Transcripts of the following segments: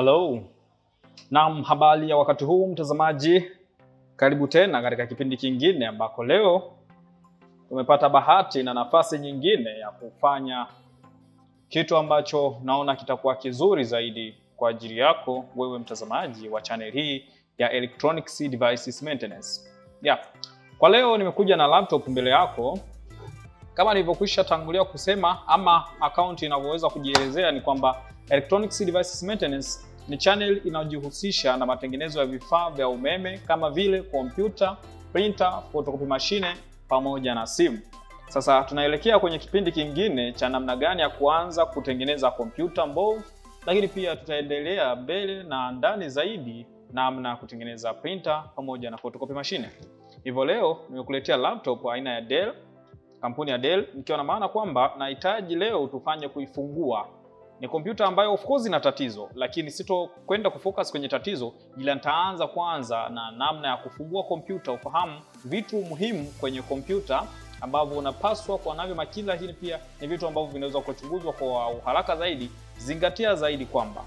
Hello. Naam, habari ya wakati huu mtazamaji, karibu tena katika kipindi kingine ambako leo tumepata bahati na nafasi nyingine ya kufanya kitu ambacho naona kitakuwa kizuri zaidi kwa ajili yako wewe mtazamaji wa channel hii ya Electronics Devices Maintenance. Yeah. Kwa leo nimekuja na laptop mbele yako kama nilivyokwisha tangulia kusema ama akaunti inavyoweza kujielezea ni kwamba Electronics Devices Maintenance ni channel inayojihusisha na matengenezo ya vifaa vya umeme kama vile kompyuta, printer, photocopy machine pamoja na simu. Sasa tunaelekea kwenye kipindi kingine cha namna gani ya kuanza kutengeneza kompyuta mbovu, lakini pia tutaendelea mbele na ndani zaidi namna ya kutengeneza printer pamoja na photocopy machine. Hivyo leo nimekuletea laptop aina ya Dell, kampuni ya Dell, nikiwa na maana kwamba nahitaji leo tufanye kuifungua ni kompyuta ambayo of course ina tatizo, lakini sitokwenda kufocus kwenye tatizo, ila nitaanza kwanza na namna ya kufungua kompyuta, ufahamu vitu muhimu kwenye kompyuta ambavyo unapaswa kuwa navyo makini, lakini pia ni vitu ambavyo vinaweza kuchunguzwa kwa uharaka zaidi. Zingatia zaidi kwamba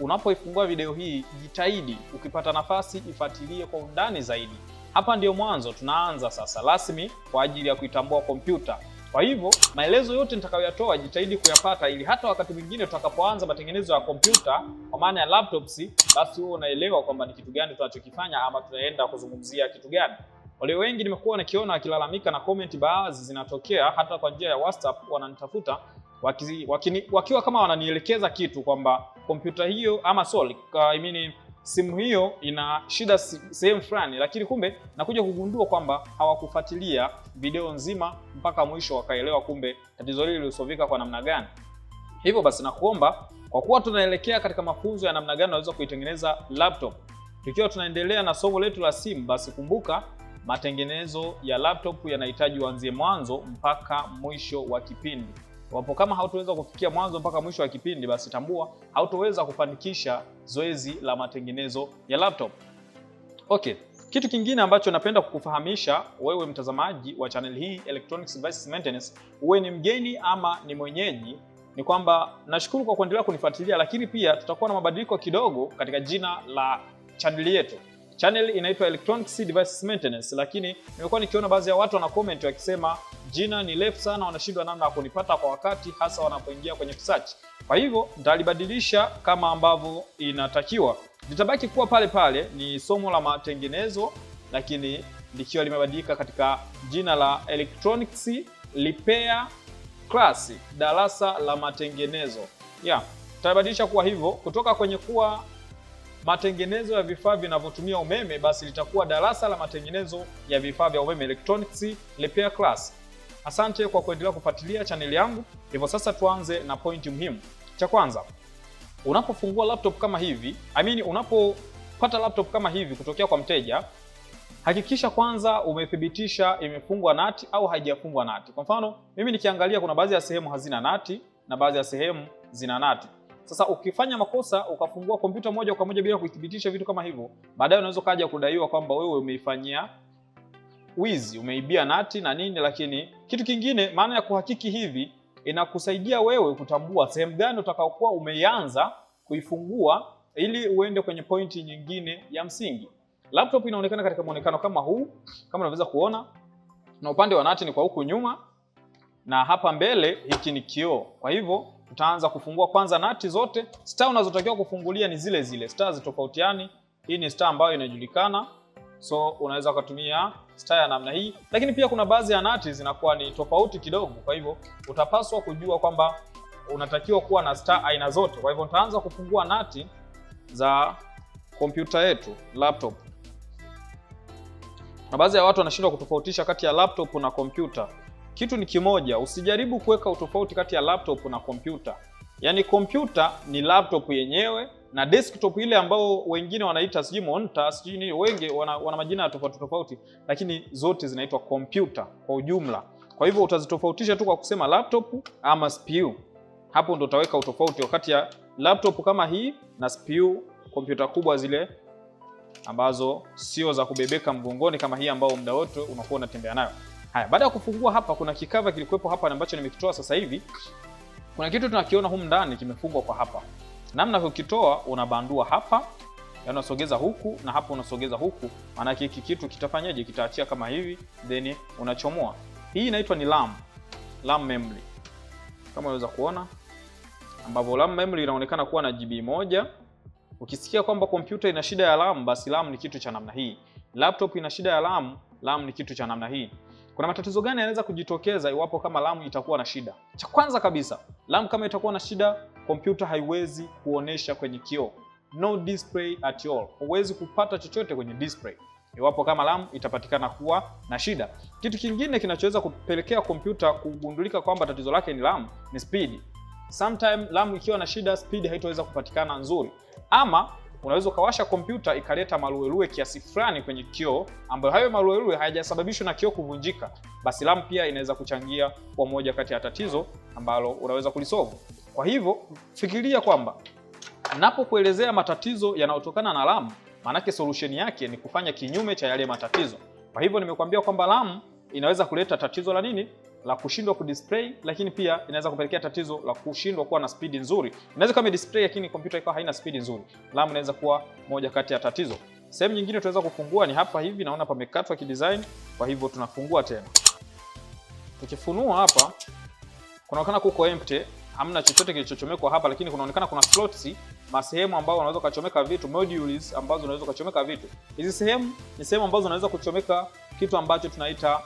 unapoifungua video hii, jitahidi ukipata nafasi ifuatilie kwa undani zaidi. Hapa ndiyo mwanzo, tunaanza sasa rasmi kwa ajili ya kuitambua kompyuta. Kwa hivyo maelezo yote nitakayoyatoa jitahidi kuyapata, ili hata wakati mwingine tutakapoanza matengenezo ya kompyuta kwa maana ya laptops, basi wewe unaelewa kwamba ni kitu gani tunachokifanya ama tunaenda kuzungumzia kitu gani. Wale wengi nimekuwa nakiona wakilalamika na comment baadhi zinatokea hata kwa njia ya WhatsApp, wananitafuta wakiwa waki, waki kama wananielekeza kitu kwamba kompyuta hiyo ama sorry, uh, I mean simu hiyo ina shida sehemu fulani, lakini kumbe nakuja kugundua kwamba hawakufuatilia video nzima mpaka mwisho, wakaelewa kumbe tatizo hili lilisovika kwa namna gani. Hivyo basi, nakuomba kwa kuwa tunaelekea katika mafunzo ya namna gani unaweza kuitengeneza laptop, tukiwa tunaendelea na somo letu la simu, basi kumbuka matengenezo ya laptop yanahitaji uanzie mwanzo mpaka mwisho wa kipindi. Wapo kama hautoweza kufikia mwanzo mpaka mwisho wa kipindi, basi tambua hautoweza kufanikisha zoezi la matengenezo ya laptop. Okay. Kitu kingine ambacho napenda kukufahamisha wewe mtazamaji wa channel hii Electronics Devices Maintenance, uwe ni mgeni ama ni mwenyeji, ni kwamba nashukuru kwa kuendelea kunifuatilia, lakini pia tutakuwa na mabadiliko kidogo katika jina la channel yetu channel inaitwa Electronics Devices Maintenance, lakini nimekuwa nikiona baadhi ya watu wana comment wakisema jina ni refu sana, wanashindwa namna ya kunipata kwa wakati, hasa wanapoingia kwenye search. Kwa hivyo nitalibadilisha kama ambavyo inatakiwa, litabaki kuwa pale pale, ni somo la matengenezo, lakini likiwa limebadilika katika jina la Electronics Repair Class, darasa la matengenezo. Yeah, nitabadilisha kuwa hivyo kutoka kwenye kuwa matengenezo ya vifaa vinavyotumia umeme, basi litakuwa darasa la matengenezo ya vifaa vya umeme electronics repair class. Asante kwa kuendelea kufuatilia chaneli yangu. Hivyo sasa tuanze na pointi muhimu. Cha kwanza, unapofungua laptop kama hivi, I mean, unapopata laptop kama hivi kutokea kwa mteja, hakikisha kwanza umethibitisha imefungwa nati au haijafungwa nati. Kwa mfano, mimi nikiangalia kuna baadhi ya sehemu hazina nati na baadhi ya sehemu zina nati. Sasa ukifanya makosa ukafungua kompyuta moja kwa moja bila kuithibitisha vitu kama hivyo, baadaye unaweza ukaja kudaiwa kwamba wewe umeifanyia wizi, umeibia nati na nini. Lakini kitu kingine, maana ya kuhakiki hivi inakusaidia wewe kutambua sehemu gani utakaokuwa umeianza kuifungua ili uende kwenye pointi nyingine ya msingi. Laptop inaonekana katika muonekano kama huu, kama unaweza kuona, na upande wa nati ni kwa huku nyuma, na hapa mbele hiki ni kioo. Kwa hivyo Tutaanza kufungua kwanza nati zote. Star unazotakiwa kufungulia ni zile zile, star zitofautiani. Hii ni star ambayo inajulikana, so unaweza ukatumia star ya namna hii, lakini pia kuna baadhi ya nati zinakuwa ni tofauti kidogo. Kwa hivyo utapaswa kujua kwamba unatakiwa kuwa na star aina zote. Kwa hivyo nitaanza kufungua nati za kompyuta yetu laptop, na baadhi ya watu wanashindwa kutofautisha kati ya laptop na kompyuta. Kitu ni kimoja, usijaribu kuweka utofauti kati ya laptop na kompyuta. Yaani kompyuta ni laptop yenyewe na desktop ile ambao wengine wanaita sijui monitor sijui nini, wengi wana, wana majina tofauti tofauti, lakini zote zinaitwa kompyuta kwa ujumla. Kwa hivyo utazitofautisha tu kwa kusema laptop ama CPU. Hapo ndo utaweka utofauti wakati ya laptop kama hii na CPU, kompyuta kubwa zile ambazo sio za kubebeka mgongoni kama hii ambao muda wote unakuwa unatembea nayo. Haya, baada ya kufungua hapa, kuna kikava kilikuwepo hapa ambacho nimekitoa sasa hivi. Kuna kitu tunakiona humu ndani kimefungwa kwa hapa. Namna ukitoa unabandua hapa, yaani unasogeza huku na hapa unasogeza huku, maana hiki kitu kitafanyaje? Kitaachia kama hivi, then unachomoa. Hii inaitwa ni RAM, RAM memory. Kama unaweza kuona ambapo RAM memory inaonekana kuwa na GB moja. Ukisikia kwamba kompyuta ina shida ya RAM, basi RAM ni kitu cha namna hii. Laptop ina shida ya RAM, RAM ni kitu cha namna hii. Kuna matatizo gani yanaweza kujitokeza iwapo kama RAM itakuwa na shida? Cha kwanza kabisa, RAM kama itakuwa na shida, kompyuta haiwezi kuonesha kwenye kioo. No display at all. Huwezi kupata chochote kwenye display iwapo kama RAM itapatikana kuwa na shida. Kitu kingine kinachoweza kupelekea kompyuta kugundulika kwamba tatizo lake ni RAM ni speed. Sometime RAM ikiwa na shida, speed haitoweza kupatikana nzuri ama unaweza ukawasha kompyuta ikaleta maluelue kiasi fulani kwenye kioo, ambayo hayo maluelue hayajasababishwa na kioo kuvunjika, basi RAM pia inaweza kuchangia kwa moja kati ya tatizo ambalo unaweza kulisolve. Kwa hivyo fikiria kwamba napokuelezea matatizo yanayotokana na RAM, maanake solution yake ni kufanya kinyume cha yale matatizo. Kwa hivyo nimekuambia kwamba RAM inaweza kuleta tatizo la nini? la kushindwa kudisplay, lakini pia inaweza kupelekea tatizo la kushindwa kuwa na spidi nzuri. Inaweza kama display lakini kompyuta ikawa haina spidi nzuri, RAM inaweza kuwa moja kati ya tatizo. Sehemu nyingine tunaweza kufungua ni hapa hivi, naona pamekatwa kidesign, kwa hivyo tunafungua tena. Tukifunua hapa kunaonekana kuko empty, hamna chochote kilichochomekwa hapa, lakini kunaonekana kuna slots, masehemu ambayo unaweza kuchomeka vitu, modules ambazo unaweza kuchomeka vitu. Hizi sehemu ni sehemu ambazo unaweza kuchomeka kitu ambacho tunaita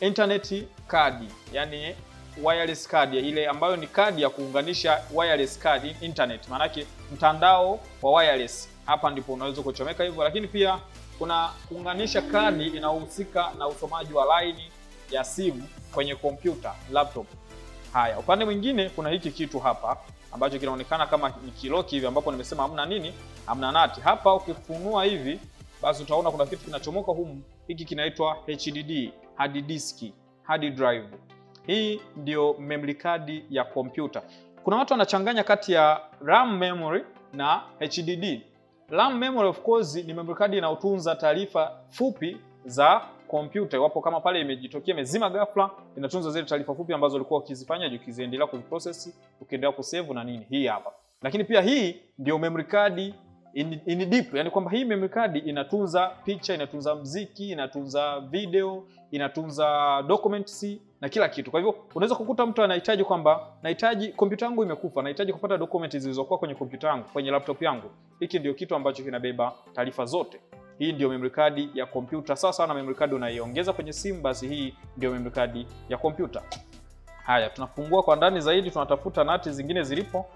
internet card, yani wireless card ile ambayo ni kadi ya kuunganisha wireless card internet, maanake mtandao wa wireless. Hapa ndipo unaweza kuchomeka hivyo, lakini pia kuna kuunganisha kadi inayohusika na usomaji wa line ya simu kwenye kompyuta laptop. Haya, upande mwingine kuna hiki kitu hapa ambacho kinaonekana kama ni kiloki hivi, ambapo nimesema hamna nini, hamna nati. Hapa ukifunua hivi, basi utaona kuna kitu kinachomoka humu, hiki kinaitwa HDD hard diski hard drive. Hii ndio memory card ya kompyuta. Kuna watu wanachanganya kati ya RAM memory na HDD. RAM memory of course ni memory card inayotunza taarifa fupi za kompyuta. Iwapo kama pale imejitokea imezima ghafla, inatunza zile taarifa fupi ambazo ulikuwa ukizifanya ukiziendelea kuziprocess, ukiendelea kusave na nini. Hii hapa. Lakini pia hii ndio memory card in, in deep, yani kwamba hii memory card inatunza picha, inatunza mziki, inatunza video, inatunza documents na kila kitu. Kwa hivyo unaweza kukuta mtu anahitaji kwamba nahitaji kompyuta yangu imekufa, nahitaji kupata documents zilizokuwa kwenye kompyuta yangu, kwenye laptop yangu. Hiki ndio kitu ambacho kinabeba taarifa zote. Hii ndio memory card ya kompyuta. Sasa na memory card unaiongeza kwenye simu, basi hii ndio memory card ya kompyuta. Haya, tunafungua kwa ndani zaidi, tunatafuta nati zingine zilipo.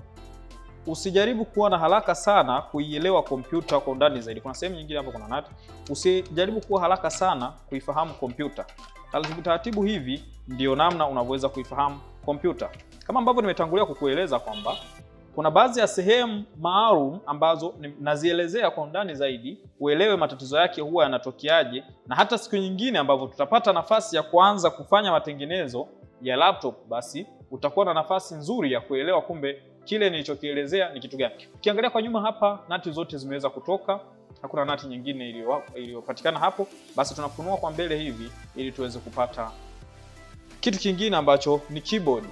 Usijaribu kuwa na haraka sana kuielewa kompyuta kwa undani zaidi. Kuna sehemu nyingine hapo kuna nati. Usijaribu kuwa haraka sana kuifahamu kompyuta. Taratibu taratibu, hivi ndio namna unavyoweza kuifahamu kompyuta. Kama ambavyo nimetangulia kukueleza kwamba kuna baadhi ya sehemu maalum ambazo nazielezea kwa undani zaidi, uelewe matatizo yake huwa yanatokeaje, na hata siku nyingine ambavyo tutapata nafasi ya kuanza kufanya matengenezo ya laptop, basi utakuwa na nafasi nzuri ya kuelewa kumbe kile nilichokielezea ni kitu gani. Ukiangalia kwa nyuma hapa, nati zote zimeweza kutoka, hakuna nati nyingine iliyopatikana hapo. Basi tunafunua kwa mbele hivi ili tuweze kupata kitu kingine ambacho ni keyboard.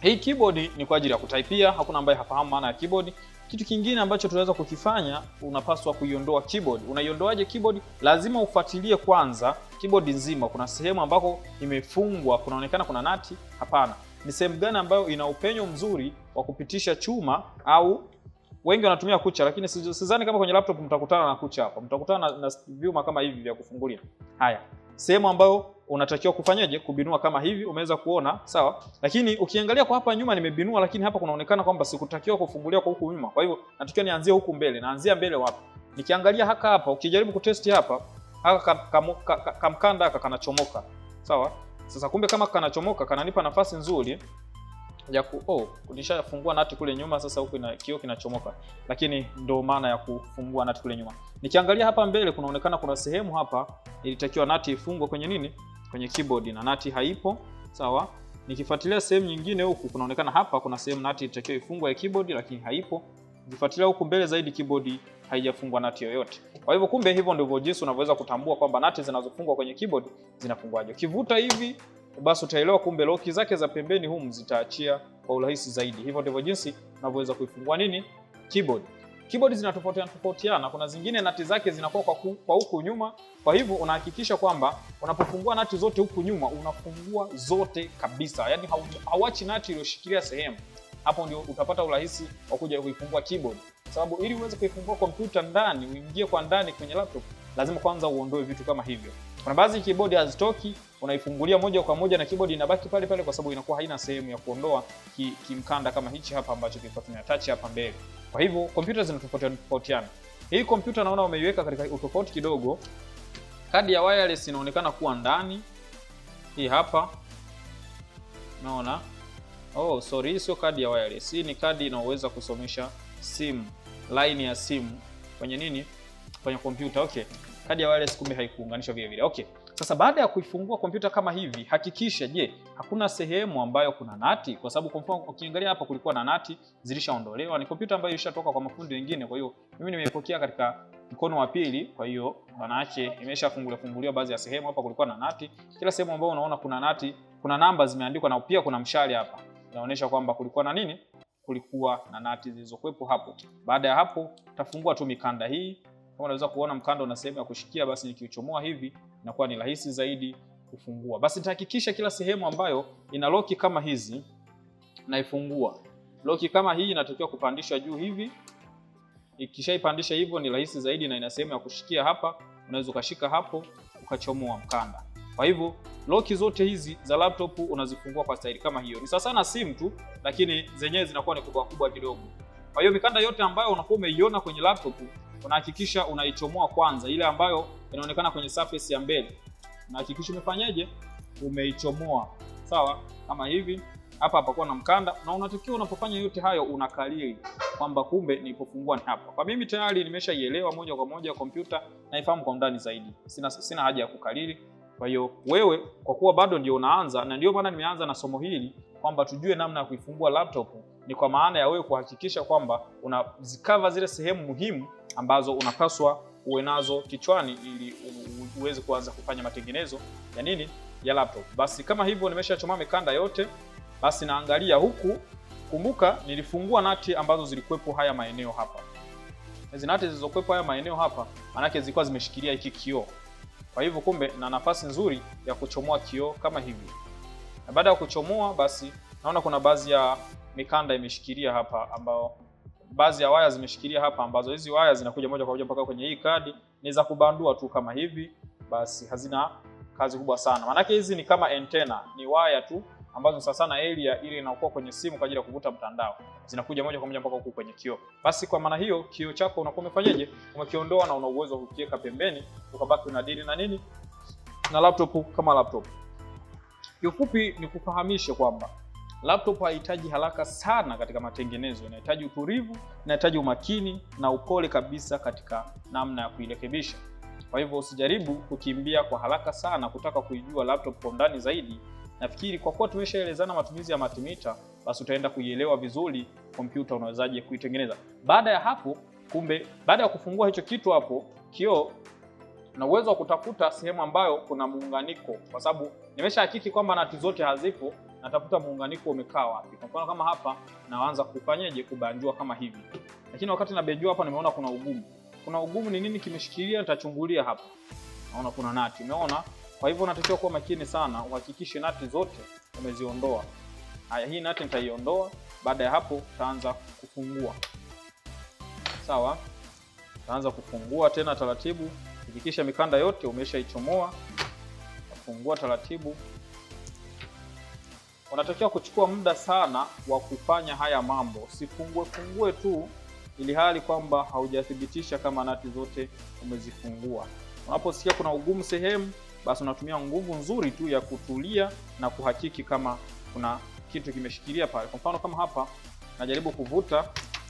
Hii keyboard ni kwa ajili ya kutaipia, hakuna ambaye hafahamu maana ya keyboard. Kitu kingine ambacho tunaweza kukifanya, unapaswa kuiondoa keyboard. Unaiondoaje keyboard? Lazima ufuatilie kwanza keyboard nzima. Kuna sehemu ambako imefungwa, kunaonekana kuna nati? Hapana, ni sehemu gani ambayo ina upenyo mzuri wa kupitisha chuma au wengi wanatumia kucha, lakini sidhani kama kwenye laptop mtakutana na kucha hapa, mtakutana na, na vyuma kama hivi vya kufungulia. Haya, sehemu ambayo unatakiwa kufanyaje? Kubinua kama hivi, umeweza kuona sawa. Lakini ukiangalia kwa hapa nyuma nimebinua, lakini hapa kunaonekana kwamba sikutakiwa kufungulia kwa huku nyuma, kwa hivyo natakiwa nianzie huku mbele. Naanzia mbele wapi? Nikiangalia haka hapa, ukijaribu kutesti hapa haka kamkanda haka kanachomoka sawa. Sasa kumbe kama kanachomoka kananipa nafasi nzuri ya ku oh, nishafungua nati kule nyuma, sasa huku ina kio kinachomoka, lakini ndo maana ya kufungua nati kule nyuma. Nikiangalia hapa mbele, kunaonekana kuna sehemu hapa ilitakiwa nati ifungwe kwenye nini, kwenye keyboard na nati haipo, sawa. Nikifuatilia sehemu nyingine huku, kunaonekana hapa kuna sehemu nati ilitakiwa ifungwe ya keyboard, lakini haipo. Nikifuatilia huku mbele zaidi, keyboard haijafungwa nati yoyote. Kwa hivyo, kumbe hivyo ndivyo jinsi unavyoweza kutambua kwamba nati zinazofungwa kwenye keyboard zinafungwaje. Ukivuta hivi basi utaelewa kumbe loki zake za pembeni humu zitaachia kwa urahisi zaidi. Hivyo ndivyo jinsi unavyoweza kuifungua nini keyboard. Keyboard zinatofautiana tofautiana, kuna zingine nati zake zinakuwa kwa, kwa huku nyuma. Kwa hivyo unahakikisha kwamba unapofungua nati zote huku nyuma unafungua zote kabisa, yaani hauachi nati iliyoshikilia sehemu. Hapo ndio utapata urahisi wa kuja kuifungua keyboard, sababu ili uweze kuifungua kompyuta ndani, uingie kwa ndani kwenye laptop, lazima kwanza uondoe vitu kama hivyo. Kuna baadhi ya keyboard hazitoki, unaifungulia moja kwa moja na keyboard inabaki pale pale, kwa sababu inakuwa haina sehemu ya kuondoa kimkanda ki kama hichi hapa ambacho kilikuwa touch hapa mbele. Kwa hivyo kompyuta zinatofautiana tofautiana. Hii kompyuta naona wameiweka katika utofauti kidogo. Kadi ya wireless inaonekana kuwa ndani, hii hapa naona. Oh, sorry, hii sio kadi ya wireless. Hii ni kadi inayoweza kusomesha simu, line ya simu kwenye nini, kwenye kompyuta. Okay kadi ya wireless kumbe haikuunganishwa vile vile. Okay. Sasa baada ya kuifungua kompyuta kama hivi, hakikisha je, hakuna sehemu ambayo kuna nati, kwa sababu kwa mfano ukiangalia hapa kulikuwa na nati zilishaondolewa. Ni kompyuta ambayo ilishatoka kwa mafundi wengine, kwa hiyo mimi nimeipokea katika mkono wa pili. Kwa hiyo manake imeshafunguliwa funguliwa baadhi ya sehemu. Hapa kulikuwa na nati, kila sehemu ambayo unaona kuna nati, kuna namba zimeandikwa na pia kuna mshale hapa, inaonyesha kwamba kulikuwa na nini, kulikuwa na nati zilizokuwepo hapo. Baada ya hapo, utafungua tu mikanda hii kama unaweza kuona mkanda una sehemu ya kushikia, basi nikiuchomoa hivi inakuwa ni rahisi zaidi kufungua. Basi nitahakikisha kila sehemu ambayo ina loki kama hizi naifungua. Loki kama hii inatakiwa kupandishwa juu hivi. Ikishaipandisha hivyo ni rahisi zaidi na ina sehemu ya kushikia hapa, unaweza ukashika hapo ukachomoa mkanda. Kwa hivyo loki zote hizi za laptop unazifungua kwa staili kama hiyo. Ni sawa na simu tu, lakini zenyewe zinakuwa ni kubwa kubwa kidogo. Kwa hiyo mikanda yote ambayo unakuwa umeiona kwenye laptop unahakikisha unaichomoa kwanza, ile ambayo inaonekana kwenye surface ya mbele, unahakikisha umefanyaje, umeichomoa sawa, kama hivi hapa hapakuwa na mkanda, na unatakiwa unapofanya yote hayo unakalili kwamba kumbe nilipofungua ni hapa. Kwa mimi tayari nimeshaielewa moja kwa moja, kompyuta naifahamu kwa undani zaidi, sina, sina haja ya kukalili. Kwa hiyo wewe, kwa kuwa bado ndio unaanza, na ndio maana nimeanza na somo hili kwamba tujue namna ya kuifungua laptop, ni kwa maana ya wewe kuhakikisha kwamba unazikava zile sehemu muhimu ambazo unapaswa uwe nazo kichwani ili uweze kuanza kufanya matengenezo ya nini ya laptop. Basi kama hivyo nimeshachoma mikanda yote, basi naangalia huku. Kumbuka nilifungua nati ambazo zilikuwepo haya maeneo hapa. Hizi nati zilizokuwepo haya maeneo hapa, manake zilikuwa zimeshikilia hiki kioo. Kwa hivyo kumbe na nafasi nzuri ya kuchomoa kioo kama hivi, na baada ya kuchomoa, basi naona kuna baadhi ya mikanda imeshikilia hapa ambao baadhi ya waya zimeshikilia hapa, ambazo hizi waya zinakuja moja kwa moja mpaka kwenye hii kadi. Ni za kubandua tu kama hivi, basi hazina kazi kubwa sana, maanake hizi ni kama antena, ni waya tu ambazo sasa sana area ile inakuwa kwenye simu kwa ajili ya kuvuta mtandao zinakuja moja kwa moja mpaka huku kwenye kio. Basi kwa maana hiyo kio chako unakuwa umefanyaje? Umekiondoa na una uwezo wa kukiweka pembeni, ukabaki una deal na nini? Na laptop kama laptop. Kiufupi ni kufahamishe kwamba Laptop haihitaji haraka sana katika matengenezo, inahitaji utulivu, inahitaji umakini na upole kabisa katika namna ya kuirekebisha. Kwa hivyo usijaribu kukimbia kwa haraka sana kutaka kuijua laptop kwa undani zaidi. Nafikiri kwa kuwa tumeshaelezana matumizi ya matimita basi utaenda kuielewa vizuri kompyuta unawezaje kuitengeneza. Baada ya hapo, kumbe baada ya kufungua hicho kitu hapo kioo na uwezo wa kutafuta sehemu ambayo kuna muunganiko, kwa sababu nimeshahakiki kwamba nati zote hazipo natafuta muunganiko umekaa wapi. Kwa mfano kama hapa naanza kufanyaje kubanjua kama hivi, lakini wakati nabenjua hapa nimeona kuna ugumu. Kuna ugumu ni nini kimeshikilia? Nitachungulia hapa, naona kuna nati. Umeona? Kwa hivyo natakiwa kuwa makini sana, uhakikishe nati zote umeziondoa. Haya, hii nati nitaiondoa. Baada ya hapo taanza kufungua, sawa. Taanza kufungua tena taratibu, hakikisha mikanda yote umeshaichomoa. Fungua taratibu unatakiwa kuchukua muda sana wa kufanya haya mambo, sifungue fungue tu ili hali kwamba haujathibitisha kama nati zote umezifungua. Unaposikia kuna ugumu sehemu, basi unatumia nguvu nzuri tu ya kutulia na kuhakiki kama kuna kitu kimeshikilia pale. Kwa mfano kama hapa najaribu kuvuta,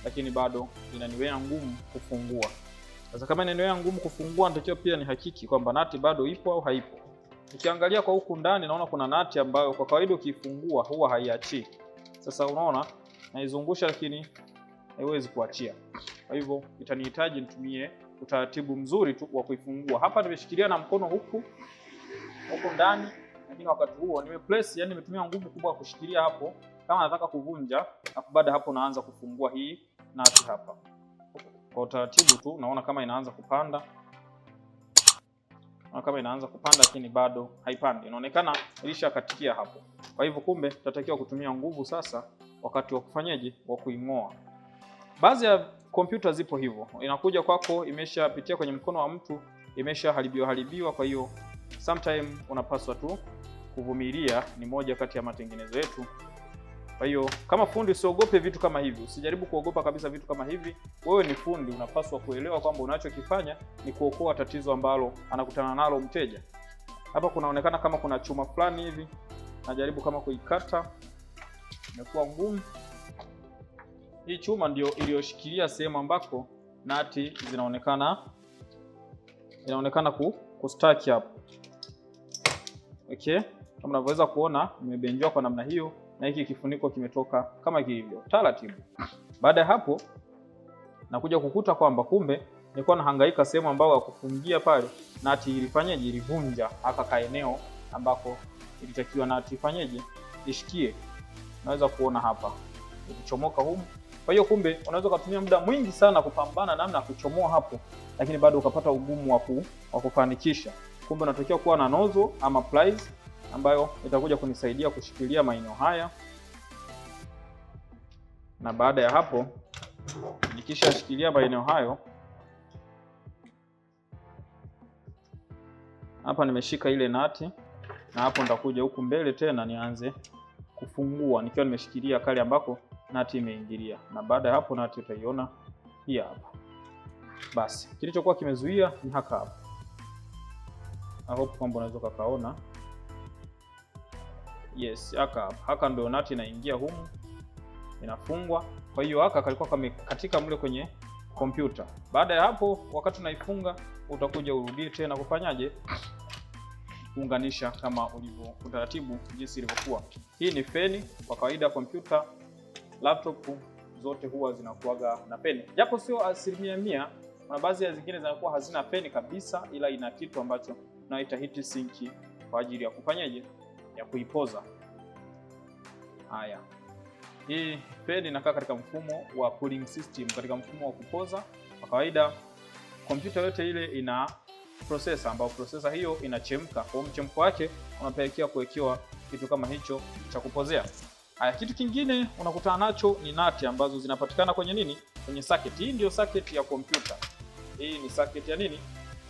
lakini bado inaniwea ngumu kufungua. Sasa kama inaniwea ngumu kufungua, natakiwa pia ni hakiki kwamba nati bado ipo au haipo. Ukiangalia kwa huku ndani naona kuna nati ambayo kwa kawaida ukiifungua huwa haiachii. Sasa unaona naizungusha, lakini haiwezi kuachia. Kwa hivyo itanihitaji nitumie utaratibu mzuri tu wa kuifungua. Hapa nimeshikilia na mkono huku huku ndani, lakini wakati huo nime press, yani nimetumia nguvu kubwa kushikilia hapo, kama nataka kuvunja, na baada hapo naanza kufungua hii nati hapa kwa utaratibu tu, naona kama inaanza kupanda na kama inaanza kupanda lakini bado haipandi, inaonekana ilishakatikia hapo. Kwa hivyo, kumbe tutatakiwa kutumia nguvu sasa wakati wa kufanyaje, wa kuing'oa. Baadhi ya kompyuta zipo hivyo, inakuja kwako imeshapitia kwenye mkono wa mtu, imeshaharibiwa haribiwa. Kwa hiyo sometime unapaswa tu kuvumilia, ni moja kati ya matengenezo yetu. Kwa hiyo kama fundi, usiogope vitu kama hivi, usijaribu kuogopa kabisa vitu kama hivi. Wewe ni fundi, unapaswa kuelewa kwamba unachokifanya ni kuokoa tatizo ambalo anakutana nalo mteja. Hapa kunaonekana kama kuna chuma fulani hivi, najaribu kama kuikata, imekuwa ngumu. Hii chuma ndio iliyoshikilia sehemu ambako nati zinaonekana inaonekana ku, kustaki hapo. Okay, kama unavyoweza kuona imebenjwa kwa namna hiyo na hiki kifuniko kimetoka kama kilivyo taratibu. Baada ya hapo, nakuja kukuta kwamba kumbe nilikuwa nahangaika sehemu ambayo akufungia pale, nati ilifanyaje, ilivunja haka kaeneo ambako ilitakiwa nati ifanyaje ishikie. Naweza kuona hapa ukichomoka humu. Kwa hiyo kumbe unaweza ukatumia muda mwingi sana kupambana namna ya kuchomoa hapo, lakini bado ukapata ugumu wa kufanikisha. Kumbe unatakiwa kuwa na nozo ama pliers ambayo itakuja kunisaidia kushikilia maeneo haya, na baada ya hapo nikishashikilia maeneo hayo hapa nimeshika ile nati na hapo nitakuja huku mbele tena nianze kufungua nikiwa nimeshikilia kale ambako nati imeingilia, na baada ya hapo nati utaiona hii hapa. Basi kilichokuwa kimezuia ni haka hapa. I hope kwamba unaweza kukaona. Yes, haka haka ndio nati inaingia humu inafungwa. Kwa hiyo haka kalikuwa katika mle kwenye kompyuta. Baada ya hapo, wakati unaifunga utakuja urudie tena kufanyaje kuunganisha kama ulivyo utaratibu jinsi ilivyokuwa. Hii ni feni. Kwa kawaida kompyuta, laptop zote huwa zinakuaga na feni, japo sio asilimia mia. Kuna baadhi ya zingine zinakuwa hazina feni kabisa, ila ina kitu ambacho tunaita heat sink kwa ajili ya kufanyaje ya kuipoza. Haya, hii pedi inakaa katika mfumo wa cooling system, katika mfumo wa kupoza kwa kawaida. Kompyuta yote ile ina processor, ambayo processor hiyo inachemka, kwa mchemko wake unapelekea kuwekewa kitu kama hicho cha kupozea. Haya, kitu kingine unakutana nacho ni nati ambazo zinapatikana kwenye nini, kwenye socket. Hii ndio socket ya kompyuta. Hii ni socket ya nini,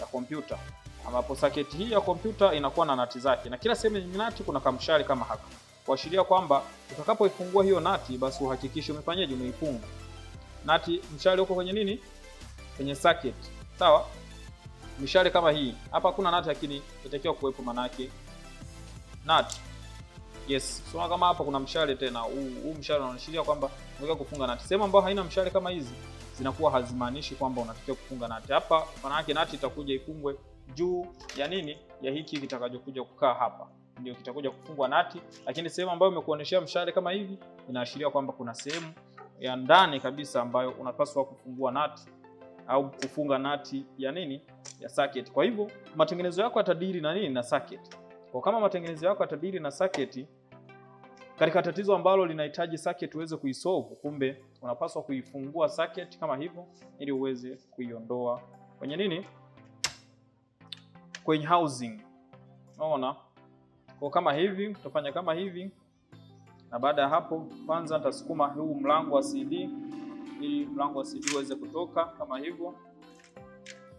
ya kompyuta ambapo saketi hii ya kompyuta inakuwa na nati zake, na kila sehemu yenye nati kuna kamshari kama haka, kuashiria kwamba utakapoifungua hiyo nati, basi uhakikishe umefanyaje, umeifunga nati. mshale uko kwenye nini? Kwenye socket. sawa. Mshari kama hii hapa, kuna nati lakini inatakiwa kuwepo, manake yake nati Yes, so kama hapa kuna mshale tena. Huu huu mshale unaashiria kwamba unataka kufunga nati. Sehemu ambayo haina mshale kama hizi zinakuwa hazimaanishi kwamba unatakiwa kufunga nati. Hapa maana yake nati itakuja ifungwe juu ya nini ya hiki kitakachokuja kukaa hapa ndio kitakuja kufungwa nati, lakini sehemu ambayo imekuonyeshea mshale kama hivi inaashiria kwamba kuna sehemu ya ndani kabisa ambayo unapaswa kufungua nati au kufunga nati ya nini ya socket. Kwa hivyo matengenezo yako yatadili na nini na socket. Kwa kama matengenezo yako yatadili na socket, katika tatizo ambalo linahitaji socket uweze kuisolve, kumbe unapaswa kuifungua socket kama hivyo ili uweze kuiondoa kwenye nini kwenye housing. Unaona? Kwa kama hivi, utafanya kama hivi. Na baada ya hapo kwanza nitasukuma huu mlango wa CD ili mlango wa CD uweze kutoka kama hivyo.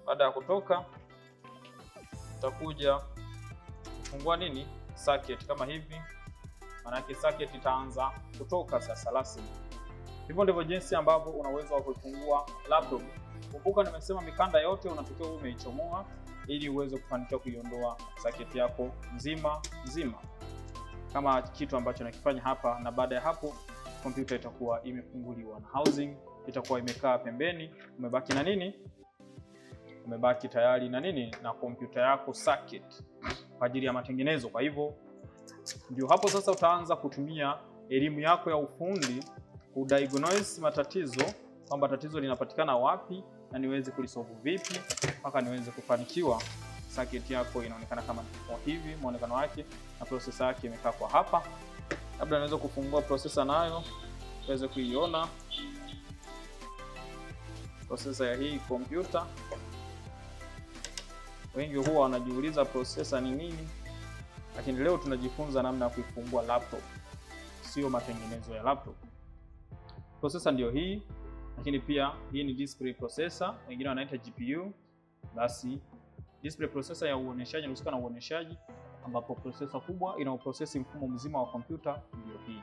Baada ya kutoka tutakuja kufungua nini? Socket kama hivi. Maana yake socket itaanza kutoka sasa rasmi. Hivyo ndivyo jinsi ambavyo unaweza kuifungua laptop. Kumbuka nimesema mikanda yote unatakiwa umeichomoa ili uweze kufanikiwa kuiondoa saketi yako nzima nzima, kama kitu ambacho nakifanya hapa, na baada ya hapo kompyuta itakuwa imefunguliwa na housing itakuwa imekaa pembeni, umebaki na nini? Umebaki tayari na nini? Na kompyuta yako socket kwa ajili ya matengenezo. Kwa hivyo ndio hapo sasa utaanza kutumia elimu yako ya ufundi kudiagnose matatizo, kwamba tatizo linapatikana wapi na niweze kulisolve vipi mpaka niweze kufanikiwa circuit yako inaonekana kama hivi muonekano wake na processor yake imekaa kwa hapa. Labda naweza kufungua processor nayo tuweze kuiona processor ya hii kompyuta. Wengi huwa wanajiuliza processor ni nini, lakini leo tunajifunza namna ya kuifungua laptop, sio matengenezo ya laptop. Processor ndio hii lakini pia hii ni display processor, wengine wanaita GPU. Basi display processor ya uoneshaji inahusika na uoneshaji, ambapo processor kubwa inaoprocess mfumo mzima wa kompyuta ndio hii.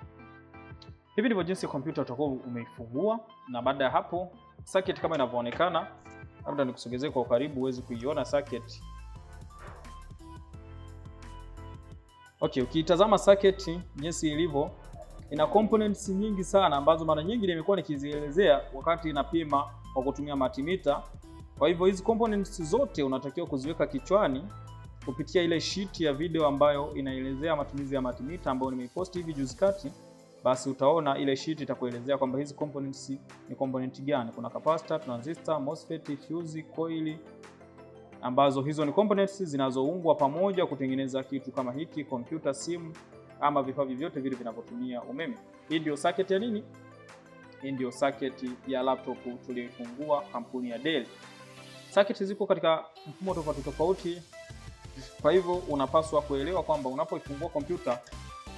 Hivi ndivyo jinsi kompyuta utakuwa umeifungua, na baada ya hapo socket kama inavyoonekana, labda nikusogezee kwa ukaribu uweze kuiona socket. Okay, ukiitazama socket jinsi ilivyo ina components nyingi sana ambazo mara nyingi nimekuwa nikizielezea wakati inapima kwa kutumia multimeter. Kwa hivyo hizi components zote unatakiwa kuziweka kichwani kupitia ile sheet ya video ambayo inaelezea matumizi ya multimeter ambayo nimeipost hivi juzi kati. Basi utaona ile sheet itakuelezea kwamba hizi components ni component gani. Kuna capacitor, transistor, MOSFET, fuse, coil ambazo hizo ni components zinazoungwa pamoja kutengeneza kitu kama hiki, kompyuta, simu ama vifaa vyovyote vile vinavyotumia umeme. Hii ndio socket ya nini? Hii ndio socket ya laptop tuliyofungua kampuni ya Dell. Socket ziko katika mfumo tofauti tofauti, kwa hivyo unapaswa kuelewa kwamba unapoifungua kompyuta,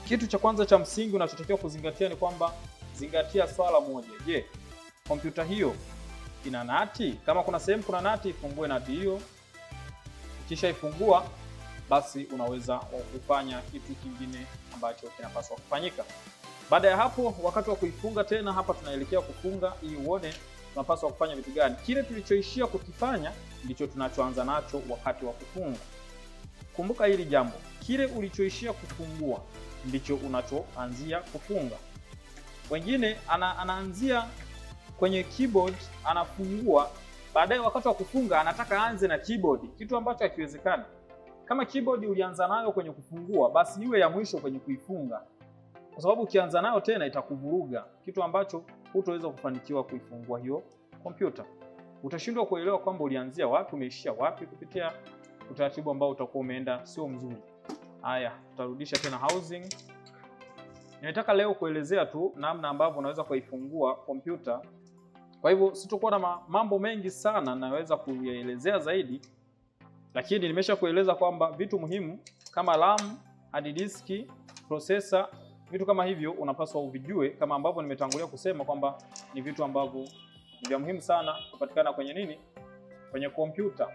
kitu cha kwanza cha msingi unachotakiwa kuzingatia ni kwamba, zingatia swala moja. Je, kompyuta hiyo ina nati? Kama kuna sehemu kuna nati, ifungue nati hiyo, kisha ifungua basi unaweza kufanya kitu kingine ambacho kinapaswa kufanyika. Baada ya hapo, wakati wa kuifunga tena, hapa tunaelekea kufunga ili uone tunapaswa kufanya vitu gani. Kile tulichoishia kukifanya ndicho tunachoanza nacho wakati wa kufunga. Kumbuka hili jambo, kile ulichoishia kufungua ndicho unachoanzia kufunga. Wengine ana, anaanzia kwenye keyboard anafungua, baadaye wakati wa kufunga anataka aanze na keyboard, kitu ambacho hakiwezekani. Kama keyboard ulianza nayo kwenye kufungua, basi iwe ya mwisho kwenye kuifunga, kwa sababu ukianza nayo tena itakuvuruga, kitu ambacho hutoweza kufanikiwa kuifungua hiyo kompyuta. Utashindwa kuelewa kwamba ulianzia wapi umeishia wapi, kupitia utaratibu ambao utakuwa umeenda sio mzuri. Haya, tutarudisha tena housing. Nimetaka leo kuelezea tu namna ambavyo unaweza kuifungua kompyuta. Kwa hivyo sitokuwa na mambo mengi sana naweza kuyaelezea zaidi lakini nimesha kueleza kwamba vitu muhimu kama RAM, hard disk, processor, vitu kama hivyo unapaswa uvijue, kama ambavyo nimetangulia kusema kwamba ni vitu ambavyo ni vya muhimu sana kupatikana kwenye nini, kwenye kompyuta,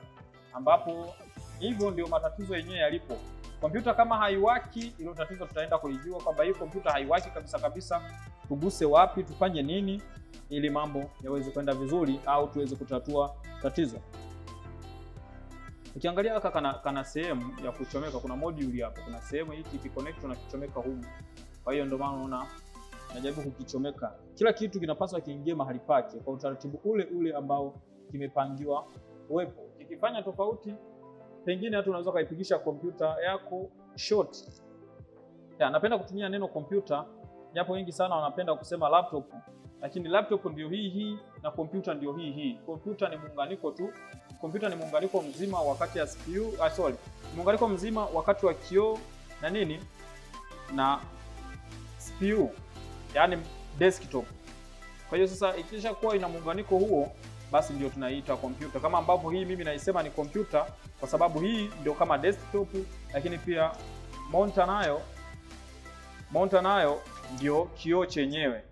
ambapo hivyo ndio matatizo yenyewe yalipo. Kompyuta kama haiwaki, ilo tatizo tutaenda kulijua kwamba hii kompyuta haiwaki kabisa kabisa, tuguse wapi, tufanye nini ili mambo yaweze kwenda vizuri au tuweze kutatua tatizo. Ukiangalia haka kana, kana sehemu ya kuchomeka, kuna module hapo, kuna sehemu hii kiconnect na kichomeka huko. Kwa hiyo ndio maana unaona najaribu kukichomeka. Kila kitu kinapaswa kiingie mahali pake kwa utaratibu ule ule ambao kimepangiwa uwepo. Kikifanya tofauti, pengine hata unaweza kaipigisha kompyuta yako short. Ya, napenda kutumia neno kompyuta japo wengi sana wanapenda kusema laptop, lakini laptop ndio hii hii na kompyuta ndio hii hii. Kompyuta ni muunganiko tu Kompyuta ni muunganiko mzima wakati ya CPU, ah, sorry, muunganiko mzima wakati wa kioo na nini na CPU, yani desktop. Kwa hiyo sasa ikisha kuwa ina muunganiko huo, basi ndio tunaiita kompyuta, kama ambavyo hii mimi naisema ni kompyuta kwa sababu hii ndio kama desktop, lakini pia monitor nayo monitor nayo ndio kioo chenyewe.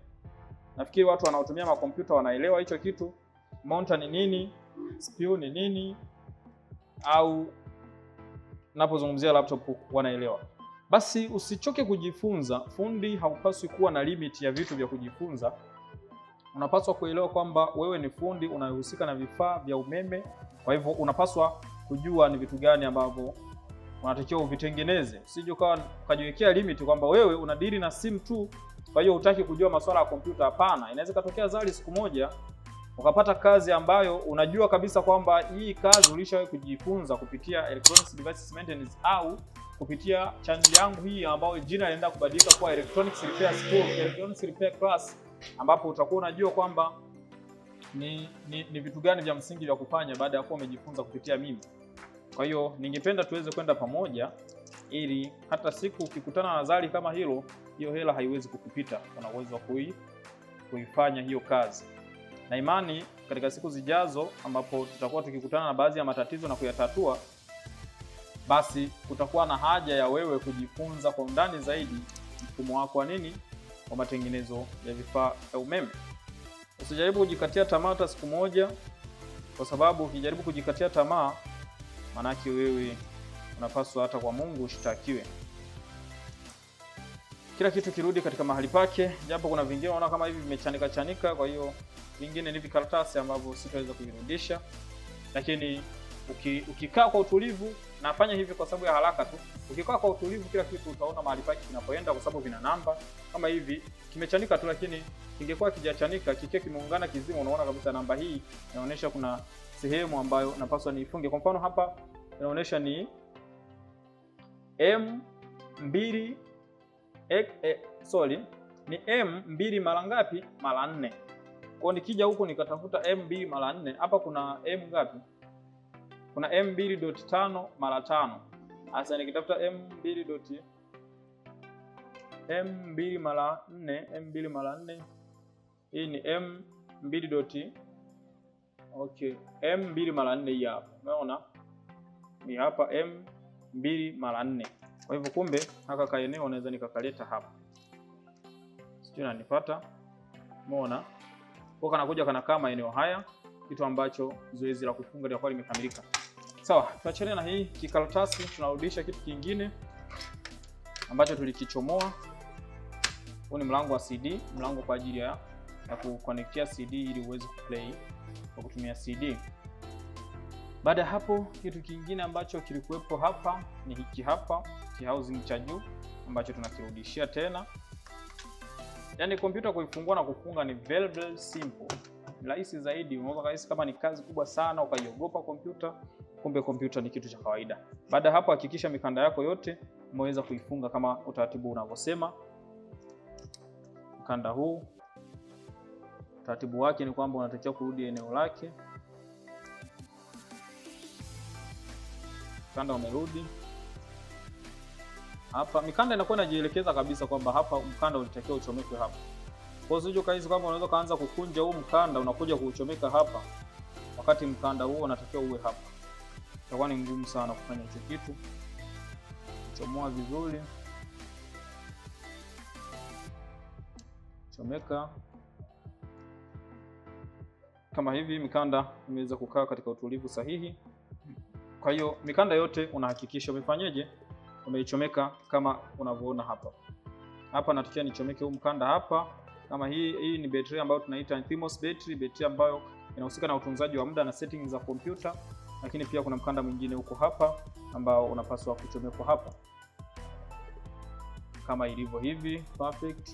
Nafikiri watu wanaotumia makompyuta wanaelewa hicho kitu, monitor ni nini CPU ni nini, au napozungumzia laptop wanaelewa. Basi usichoke kujifunza. Fundi haupaswi kuwa na limit ya vitu vya kujifunza. Unapaswa kuelewa kwamba wewe ni fundi unayohusika na vifaa vya umeme, kwa hivyo unapaswa kujua ni vitu gani ambavyo unatakiwa uvitengeneze. Usije ukajiwekea limit kwamba wewe unadili na simu tu, kwa hiyo hutaki kujua masuala ya kompyuta. Hapana, inaweza ikatokea zali siku moja ukapata kazi ambayo unajua kabisa kwamba hii kazi ulishawahi kujifunza kupitia Electronics Devices Maintenance au kupitia channel yangu hii ambayo jina linaenda kubadilika kuwa Electronics Repair School, Electronics Repair Class, ambapo utakuwa unajua kwamba ni, ni, ni vitu gani vya msingi vya kufanya baada ya kuwa umejifunza kupitia mimi. Kwa hiyo ningependa tuweze kwenda pamoja ili hata siku ukikutana na zali kama hilo, hiyo hela haiwezi kukupita, una uwezo wa kuifanya hiyo kazi na imani katika siku zijazo ambapo tutakuwa tukikutana na baadhi ya matatizo na kuyatatua, basi kutakuwa na haja ya wewe kujifunza kwa undani zaidi mfumo wako wa nini wa matengenezo ya vifaa vya umeme. Usijaribu kujikatia tamaa hata siku moja, kwa sababu ukijaribu kujikatia tamaa, maanake wewe unapaswa hata kwa Mungu ushtakiwe kila kitu kirudi katika mahali pake, japo kuna vingine unaona kama hivi vimechanika chanika, kwa hiyo vingine ni vikaratasi ambavyo sitaweza kuvirudisha, lakini uki, ukikaa kwa utulivu, nafanya hivi kwa sababu ya haraka tu. Ukikaa kwa utulivu, kila kitu utaona mahali pake kinapoenda, kwa sababu vina namba. Kama hivi kimechanika tu, lakini kingekuwa kijachanika, kikiwa kimeungana kizima, unaona kabisa namba hii inaonyesha kuna sehemu ambayo napaswa niifunge. Kwa mfano hapa inaonyesha ni M mbili e, e, sorry ni m mbili mara ngapi? Mara nne. Kwa nikija huku nikatafuta m mbili mara nne, hapa kuna m ngapi? Kuna m mbili dot tano mara tano. Sasa nikitafuta m mbili dot m mbili mara nne, m mbili mara nne, hii ni m mbili dot okay, m mbili mara nne hii hapa, umeona ni hapa m mbili mara nne. Kwa hivyo kumbe haka kaeneo naweza nikakaleta hapa, sijui nanipata. Umeona kwa kanakuja kanakaa maeneo haya, kitu ambacho zoezi la kufunga litakuwa limekamilika. Sawa, tuachane na hii kikaratasi, tunarudisha kitu kingine ambacho tulikichomoa. Huu ni mlango wa CD, mlango kwa ajili ya ya kuconnectia CD ili uweze kuplay kwa kutumia CD. Baada ya hapo, kitu kingine ambacho kilikuwepo hapa ni hiki hapa housing cha juu ambacho tunakirudishia tena. yani kompyuta kuifungua na kufunga ni very, very simple, rahisi zaidi. Unaweza kahisi kama ni kazi kubwa sana ukaiogopa kompyuta, kumbe kompyuta ni kitu cha kawaida. Baada ya hapo, hakikisha mikanda yako yote umeweza kuifunga kama utaratibu unavyosema. Mkanda huu utaratibu wake ni kwamba unatakiwa kurudi eneo lake, mkanda umerudi hapa, mikanda inakuwa inajielekeza kabisa kwamba hapa mkanda unatakiwa uchomeke hapa. Kwa hiyo ukahisi kwamba unaweza kaanza kukunja huu mkanda unakuja kuuchomeka hapa, wakati mkanda huo unatakiwa uwe hapa. Itakuwa ni ngumu sana kufanya hicho kitu, chomoa vizuri, chomeka kama hivi. Mikanda imeweza kukaa katika utulivu sahihi. Kwa hiyo mikanda yote unahakikisha umefanyeje umeichomeka kama unavyoona hapa. Hapa natokea nichomeke huu mkanda hapa kama hii. Hii ni betri ambayo tunaita Thermos battery, betri ambayo inahusika na utunzaji wa muda na setting za kompyuta, lakini pia kuna mkanda mwingine huko hapa ambao unapaswa kuchomekwa hapa kama ilivyo hivi perfect.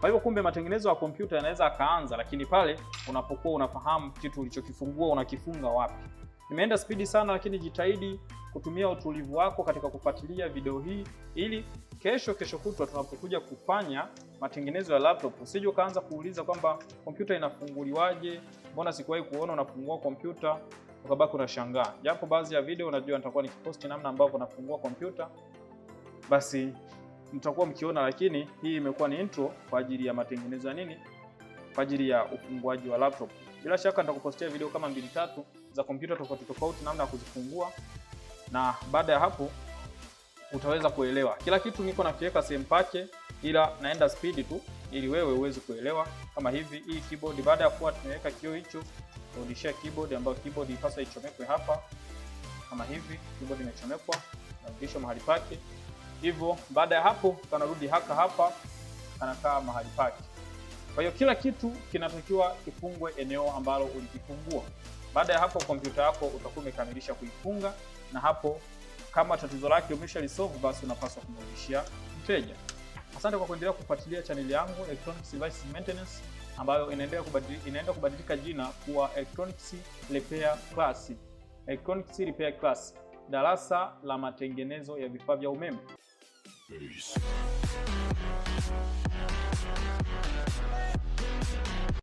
Kwa hivyo kumbe, matengenezo ya kompyuta yanaweza akaanza, lakini pale unapokuwa unafahamu kitu ulichokifungua unakifunga wapi. Nimeenda spidi sana, lakini jitahidi kutumia utulivu wako katika kufuatilia video hii ili kesho kesho kutwa tunapokuja kufanya matengenezo ya laptop usije ukaanza kuuliza kwamba kompyuta inafunguliwaje, mbona sikuwahi kuona unafungua kompyuta ukabaki unashangaa. Japo baadhi ya video unajua nitakuwa nikiposti namna ambavyo nafungua kompyuta, basi mtakuwa mkiona, lakini hii imekuwa ni intro kwa ajili ya matengenezo ya nini, kwa ajili ya ufunguaji wa laptop. Bila shaka nitakupostia video kama mbili tatu za kompyuta tofauti tofauti, namna ya kuzifungua na baada ya hapo utaweza kuelewa kila kitu. Niko nakiweka sehemu pake, ila naenda spidi tu ili wewe uweze kuelewa. Kama hivi hii keyboard, baada ya kuwa tumeweka kio hicho, turudishia keyboard ambayo keyboard ipasa ichomekwe hapa. Kama hivi keyboard imechomekwa, narudisha mahali pake hivyo. Baada ya hapo tunarudi haka hapa, anakaa mahali pake. Kwa hiyo kila kitu kinatakiwa kifungwe eneo ambalo ulikifungua. Baada ya hapo kompyuta yako utakuwa umekamilisha kuifunga na hapo kama tatizo lake umeshalisolve basi unapaswa kumrudishia mteja. Asante kwa kuendelea kufuatilia chaneli yangu Electronics Device Maintenance ambayo inaendelea kubadilika, inaenda kubadilika jina kuwa Electronics Repair Class. Electronics Repair Class, darasa la matengenezo ya vifaa vya umeme. Peace.